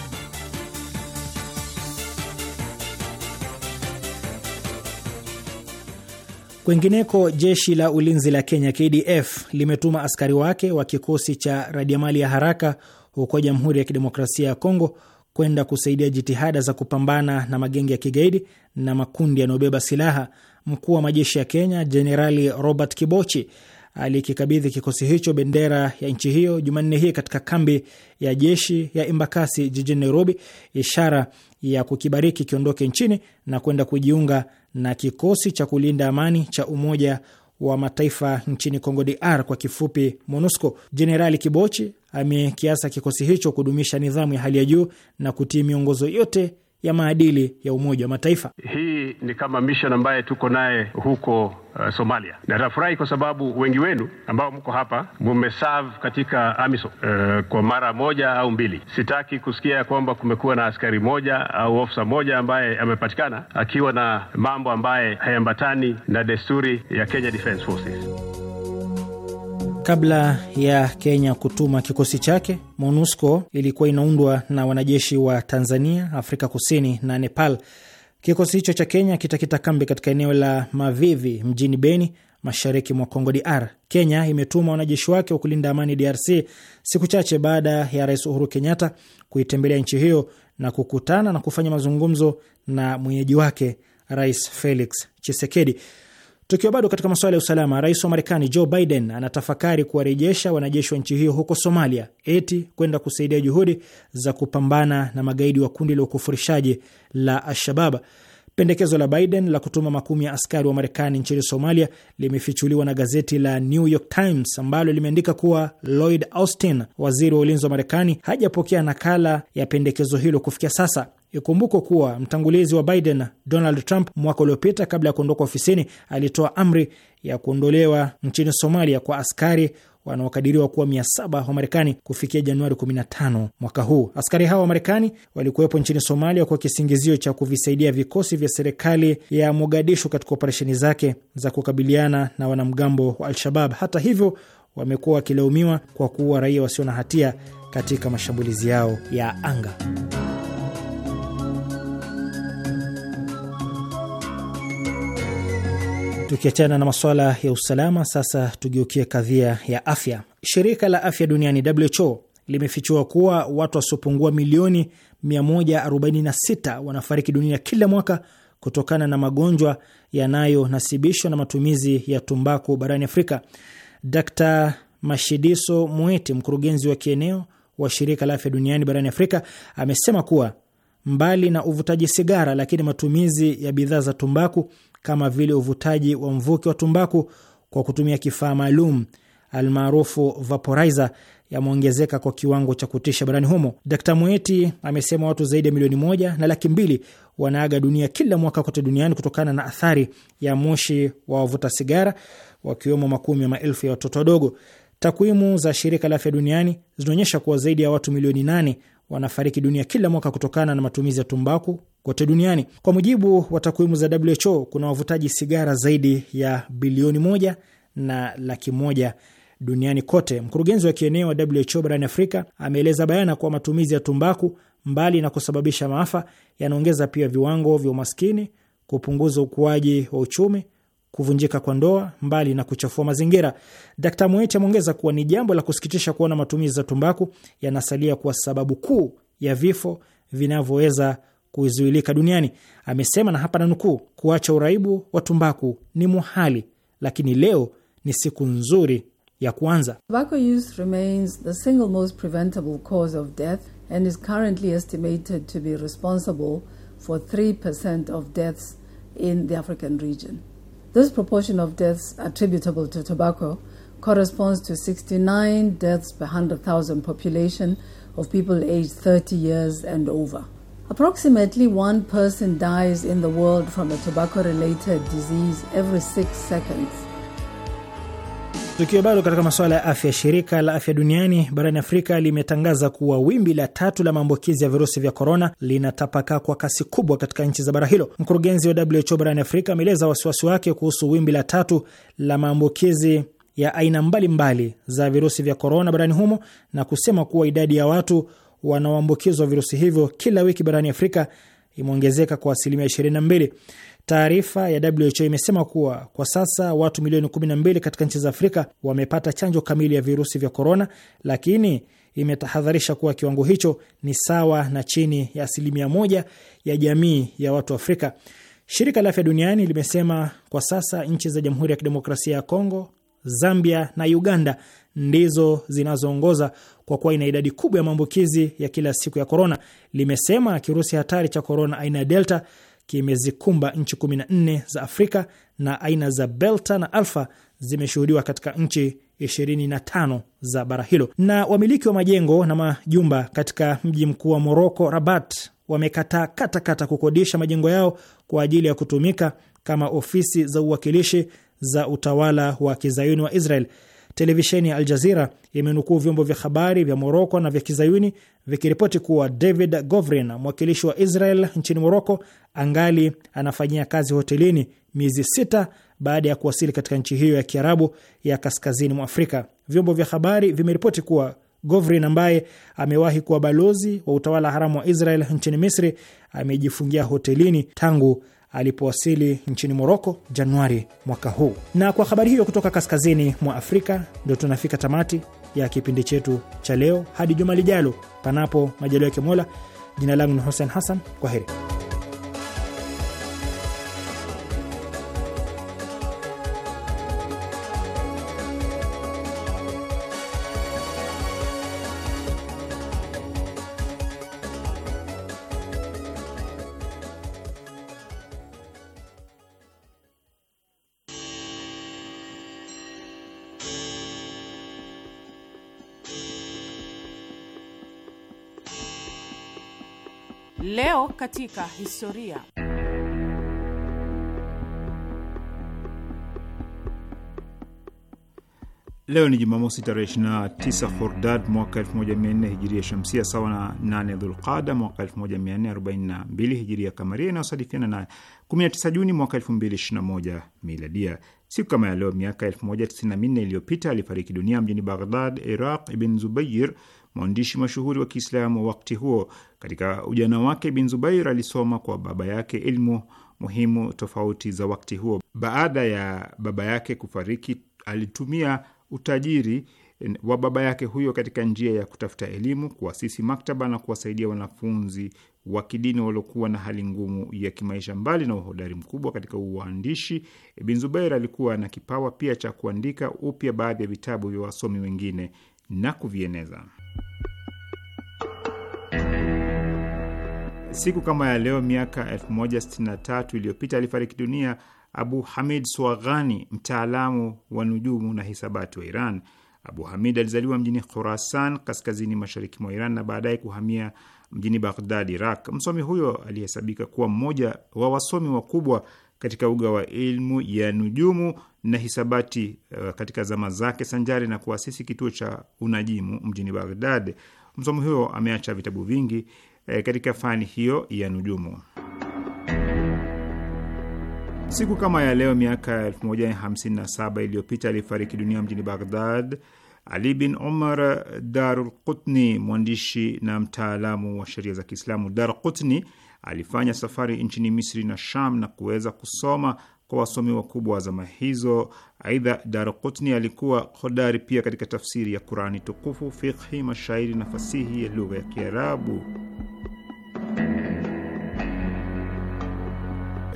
Kwengineko, jeshi la ulinzi la Kenya KDF limetuma askari wake wa kikosi cha radiamali ya haraka huko Jamhuri ya Kidemokrasia ya Kongo kwenda kusaidia jitihada za kupambana na magenge ya kigaidi na makundi yanayobeba silaha. Mkuu wa majeshi ya Kenya Jenerali Robert Kibochi alikikabidhi kikosi hicho bendera ya nchi hiyo Jumanne hii katika kambi ya jeshi ya Embakasi jijini Nairobi, ishara ya kukibariki kiondoke nchini na kwenda kujiunga na kikosi cha kulinda amani cha Umoja wa Mataifa nchini Kongo DR, kwa kifupi MONUSCO. Jenerali Kibochi amekiasa kikosi hicho kudumisha nidhamu ya hali ya juu na kutii miongozo yote ya maadili ya Umoja wa Mataifa. Hii ni kama mission ambaye tuko naye huko uh, Somalia, na nafurahi kwa sababu wengi wenu ambao mko hapa mumeserve katika AMISOM uh, kwa mara moja au mbili. Sitaki kusikia kwamba kumekuwa na askari moja au ofisa moja ambaye amepatikana akiwa na mambo ambaye hayaambatani na desturi ya Kenya Defence Forces. Kabla ya Kenya kutuma kikosi chake, MONUSCO ilikuwa inaundwa na wanajeshi wa Tanzania, Afrika Kusini na Nepal. Kikosi hicho cha Kenya kitakita kambi katika eneo la Mavivi mjini Beni, mashariki mwa Congo DR. Kenya imetuma wanajeshi wake wa kulinda amani DRC siku chache baada ya Rais Uhuru Kenyatta kuitembelea nchi hiyo na kukutana na kufanya mazungumzo na mwenyeji wake Rais Felix chisekedi Tukiwa bado katika masuala ya usalama, rais wa Marekani Joe Biden anatafakari kuwarejesha wanajeshi wa nchi hiyo huko Somalia, eti kwenda kusaidia juhudi za kupambana na magaidi wa kundi la ukufurishaji la Alshabab. Pendekezo la Biden la kutuma makumi ya askari wa Marekani nchini Somalia limefichuliwa na gazeti la New York Times ambalo limeandika kuwa Lloyd Austin, waziri wa ulinzi wa Marekani, hajapokea nakala ya pendekezo hilo kufikia sasa. Ikumbukwe kuwa mtangulizi wa Biden, Donald Trump, mwaka uliopita kabla ya kuondoka ofisini, alitoa amri ya kuondolewa nchini Somalia kwa askari wanaokadiriwa kuwa saba wa Marekani kufikia Januari 15 mwaka huu. Askari hao wa Marekani walikuwepo nchini Somalia kwa kisingizio cha kuvisaidia vikosi vya serikali ya Mogadishu katika operesheni zake za kukabiliana na wanamgambo wa Al-Shabab. Hata hivyo, wamekuwa wakilaumiwa kwa kuua raia wasio na hatia katika mashambulizi yao ya anga. Tukiachana na masuala ya usalama, sasa tugeukie kadhia ya afya. Shirika la afya duniani WHO limefichua kuwa watu wasiopungua milioni 146 wanafariki dunia kila mwaka kutokana na magonjwa yanayonasibishwa na matumizi ya tumbaku barani Afrika. Dr Mashidiso Mweti, mkurugenzi wa kieneo wa shirika la afya duniani barani Afrika, amesema kuwa mbali na uvutaji sigara, lakini matumizi ya bidhaa za tumbaku kama vile uvutaji wa mvuke wa tumbaku kwa kutumia kifaa maalum almaarufu vaporizer yameongezeka kwa kiwango cha kutisha barani humo. Dkt Mweti amesema watu zaidi ya milioni moja na laki mbili wanaaga dunia kila mwaka kote duniani kutokana na athari ya moshi wa wavuta sigara, wakiwemo makumi ya maelfu ya watoto wadogo. Takwimu za shirika la afya duniani zinaonyesha kuwa zaidi ya watu milioni nane wanafariki dunia kila mwaka kutokana na matumizi ya tumbaku kote duniani. Kwa mujibu wa takwimu za WHO, kuna wavutaji sigara zaidi ya bilioni moja na laki moja duniani kote. Mkurugenzi wa kieneo wa WHO barani Afrika ameeleza bayana kuwa matumizi ya tumbaku, mbali na kusababisha maafa, yanaongeza pia viwango vya umaskini, kupunguza ukuaji wa uchumi kuvunjika kwa ndoa mbali na kuchafua mazingira. Dkt Moeti ameongeza kuwa ni jambo la kusikitisha kuona matumizi ya tumbaku yanasalia kuwa sababu kuu ya vifo vinavyoweza kuzuilika duniani. Amesema, na hapa nanukuu, kuacha uraibu wa tumbaku ni muhali, lakini leo ni siku nzuri ya kuanza. Tobacco use remains the single most preventable cause of death and is currently estimated to be responsible for 3% of deaths in the African region. This proportion of deaths attributable to tobacco corresponds to 69 deaths per 100,000 population of people aged 30 years and over. Approximately one person dies in the world from a tobacco related disease every six seconds. Tukiwa bado katika masuala ya afya, shirika la afya duniani barani Afrika limetangaza kuwa wimbi la tatu la maambukizi ya virusi vya korona linatapakaa kwa kasi kubwa katika nchi za bara hilo. Mkurugenzi wa WHO barani Afrika ameeleza wasiwasi wake kuhusu wimbi la tatu la maambukizi ya aina mbalimbali mbali za virusi vya korona barani humo na kusema kuwa idadi ya watu wanaoambukizwa virusi hivyo kila wiki barani Afrika imeongezeka kwa asilimia 22. Taarifa ya WHO imesema kuwa kwa sasa watu milioni 12 katika nchi za Afrika wamepata chanjo kamili ya virusi vya korona, lakini imetahadharisha kuwa kiwango hicho ni sawa na chini ya asilimia moja ya jamii ya watu Afrika. Shirika la Afya Duniani limesema kwa sasa nchi za Jamhuri ya Kidemokrasia ya Kongo, Zambia na Uganda ndizo zinazoongoza kwa kuwa ina idadi kubwa ya maambukizi ya kila siku ya korona. Limesema kirusi hatari cha korona aina ya Delta kimezikumba nchi 14 za Afrika na aina za belta na Alpha zimeshuhudiwa katika nchi 25 za bara hilo. Na wamiliki wa majengo na majumba katika mji mkuu wa Moroko, Rabat, wamekataa katakata kukodisha majengo yao kwa ajili ya kutumika kama ofisi za uwakilishi za utawala wa kizayuni wa Israel televisheni ya Al Jazira imenukuu vyombo vya habari vya Moroko na vya kizayuni vikiripoti kuwa David Govrin, mwakilishi wa Israel nchini Moroko, angali anafanyia kazi hotelini miezi sita baada ya kuwasili katika nchi hiyo ya kiarabu ya kaskazini mwa Afrika. Vyombo vya habari vimeripoti kuwa Govrin ambaye amewahi kuwa balozi wa utawala haramu wa Israel nchini Misri amejifungia hotelini tangu alipowasili nchini Moroko Januari mwaka huu. Na kwa habari hiyo kutoka kaskazini mwa Afrika, ndio tunafika tamati ya kipindi chetu cha leo. Hadi juma lijalo, panapo majaliwa yake Mola. Jina langu ni Hussein Hassan, kwa heri. Leo katika historia. Leo ni Jumamosi tarehe 29 Hordad mwaka 1400 hijiria shamsia sawa na 8 Dhulqada mwaka 1442 hijiria kamaria inayosadifiana na 19 Juni mwaka 2021 miladia. Siku kama ya leo miaka 1094 iliyopita alifariki dunia mjini Baghdad, Iraq, Ibn Zubayr mwandishi mashuhuri wa Kiislamu wa wakti huo. Katika ujana wake, Bin Zubair alisoma kwa baba yake ilmu muhimu tofauti za wakti huo. Baada ya baba yake kufariki, alitumia utajiri wa baba yake huyo katika njia ya kutafuta elimu, kuasisi maktaba na kuwasaidia wanafunzi wa kidini waliokuwa na hali ngumu ya kimaisha. Mbali na uhodari mkubwa katika uandishi, Ibn Zubair alikuwa na kipawa pia cha kuandika upya baadhi ya vitabu vya wasomi wengine na kuvieneza. Siku kama ya leo miaka 1063 iliyopita alifariki dunia Abu Hamid Swaghani, mtaalamu wa nujumu na hisabati wa Iran. Abu Hamid alizaliwa mjini Khurasan, kaskazini mashariki mwa Iran, na baadaye kuhamia mjini Baghdad, Iraq. Msomi huyo alihesabika kuwa mmoja wa wasomi wakubwa katika uga wa ilmu ya nujumu na hisabati eh, katika zama zake, sanjari na kuasisi kituo cha unajimu mjini Baghdad. Msomi huyo ameacha vitabu vingi E, katika fani hiyo ya nujumu. Siku kama ya leo miaka 1057 iliyopita alifariki dunia mjini Baghdad Ali bin Umar Darul Qutni, mwandishi na mtaalamu wa sheria za Kiislamu. Dar Qutni alifanya safari nchini Misri na Sham na kuweza kusoma kwa wasomi wakubwa wa zama hizo. Aidha, Qutni alikuwa hodari pia katika tafsiri ya Qurani tukufu, fikhi, mashairi na fasihi ya lugha ya Kiarabu.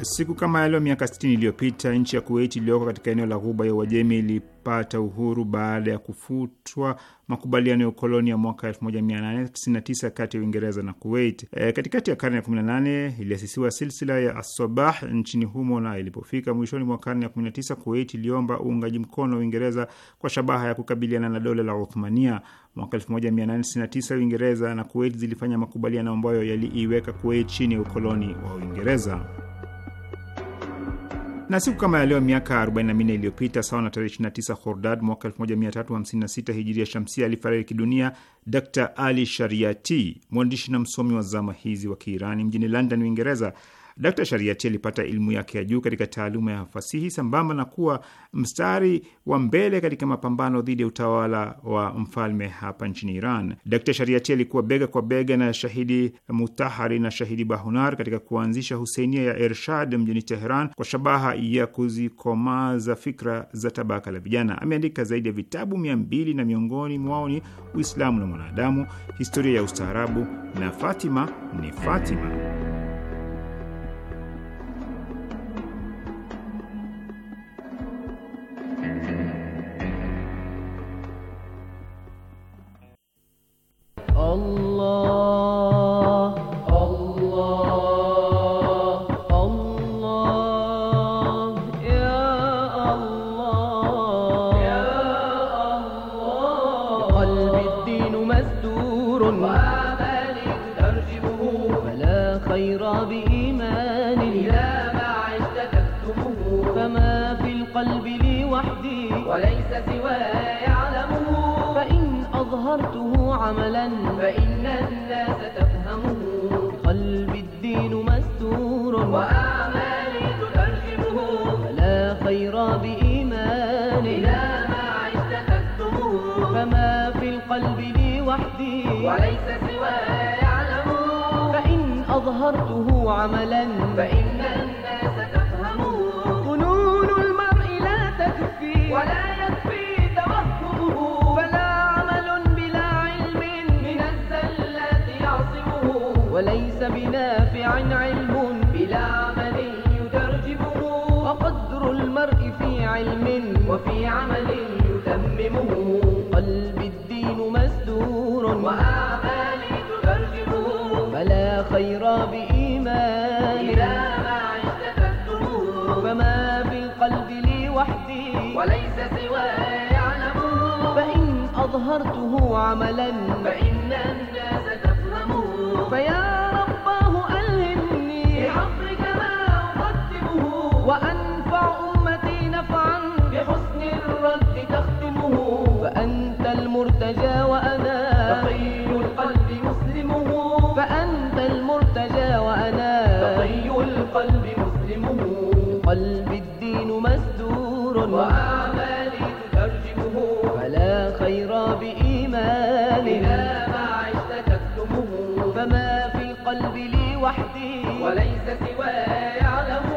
Siku kama yaleo miaka 60 iliyopita nchi ya Kuwait iliyoko katika eneo la ghuba ya Uajemi ilipata uhuru baada ya kufutwa makubaliano ya ukoloni ya mwaka 1899 kati ya Uingereza na Kuwait. E, katikati ya karne ya 18 iliasisiwa silsila ya asobah nchini humo, na ilipofika mwishoni mwa karne ya 19 Kuwait iliomba uungaji mkono wa Uingereza kwa shabaha ya kukabiliana na dola la Uthmania. Mwaka 1899 Uingereza na Kuwait zilifanya makubaliano ambayo yaliiweka Kuwait chini ya ukoloni wa Uingereza na siku kama ya leo miaka 44 iliyopita, sawa na tarehe 29 Khordad mwaka 1356 hijiria shamsia, alifariki dunia Dr Ali Shariati, mwandishi na msomi wa zama hizi wa Kiirani mjini London, Uingereza. Dkt. Shariati alipata elimu yake ya juu katika taaluma ya fasihi sambamba na kuwa mstari wa mbele katika mapambano dhidi ya utawala wa mfalme hapa nchini Iran. Dkt. Shariati alikuwa bega kwa bega na Shahidi Mutahari na Shahidi Bahunar katika kuanzisha Huseinia ya Ershad mjini Teheran kwa shabaha ya kuzikomaza fikra za tabaka la vijana. Ameandika zaidi ya vitabu mia mbili na miongoni mwao ni Uislamu na Mwanadamu, Historia ya Ustaarabu na Fatima ni Fatima. الله الله الله يا الله يا الله قلبي الدين ترجمه فلا خير إذا ما عشت فما في القلب لي وحدي وليس سواي يعلمه فإن أظهرته عملا عملا فإن أظهرته عملا فإن الناس تفهمه فيا رباه ألهمني بحقك ما أقدمه وأنفع أمتي نفعا بحسن الرد تختمه فأنت المرتجى وأنا تقي القلب مسلمه فأنت المرتجى وأنا تقي القلب مسلمه قلب الدين مسدور وأنا وحدي وليس سواي يعلم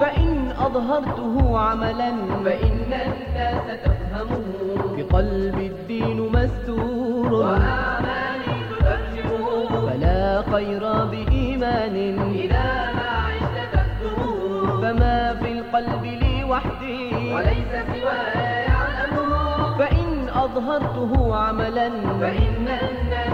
فإن أظهرته عملا فإن الناس تفهمه في قلبي الدين مستور وأعمالي تترجمه فلا خير بإيمان إذا ما عشت تكتمه فما في القلب لي وحدي وليس سواي يعلمه فإن أظهرته عملا فإن الناس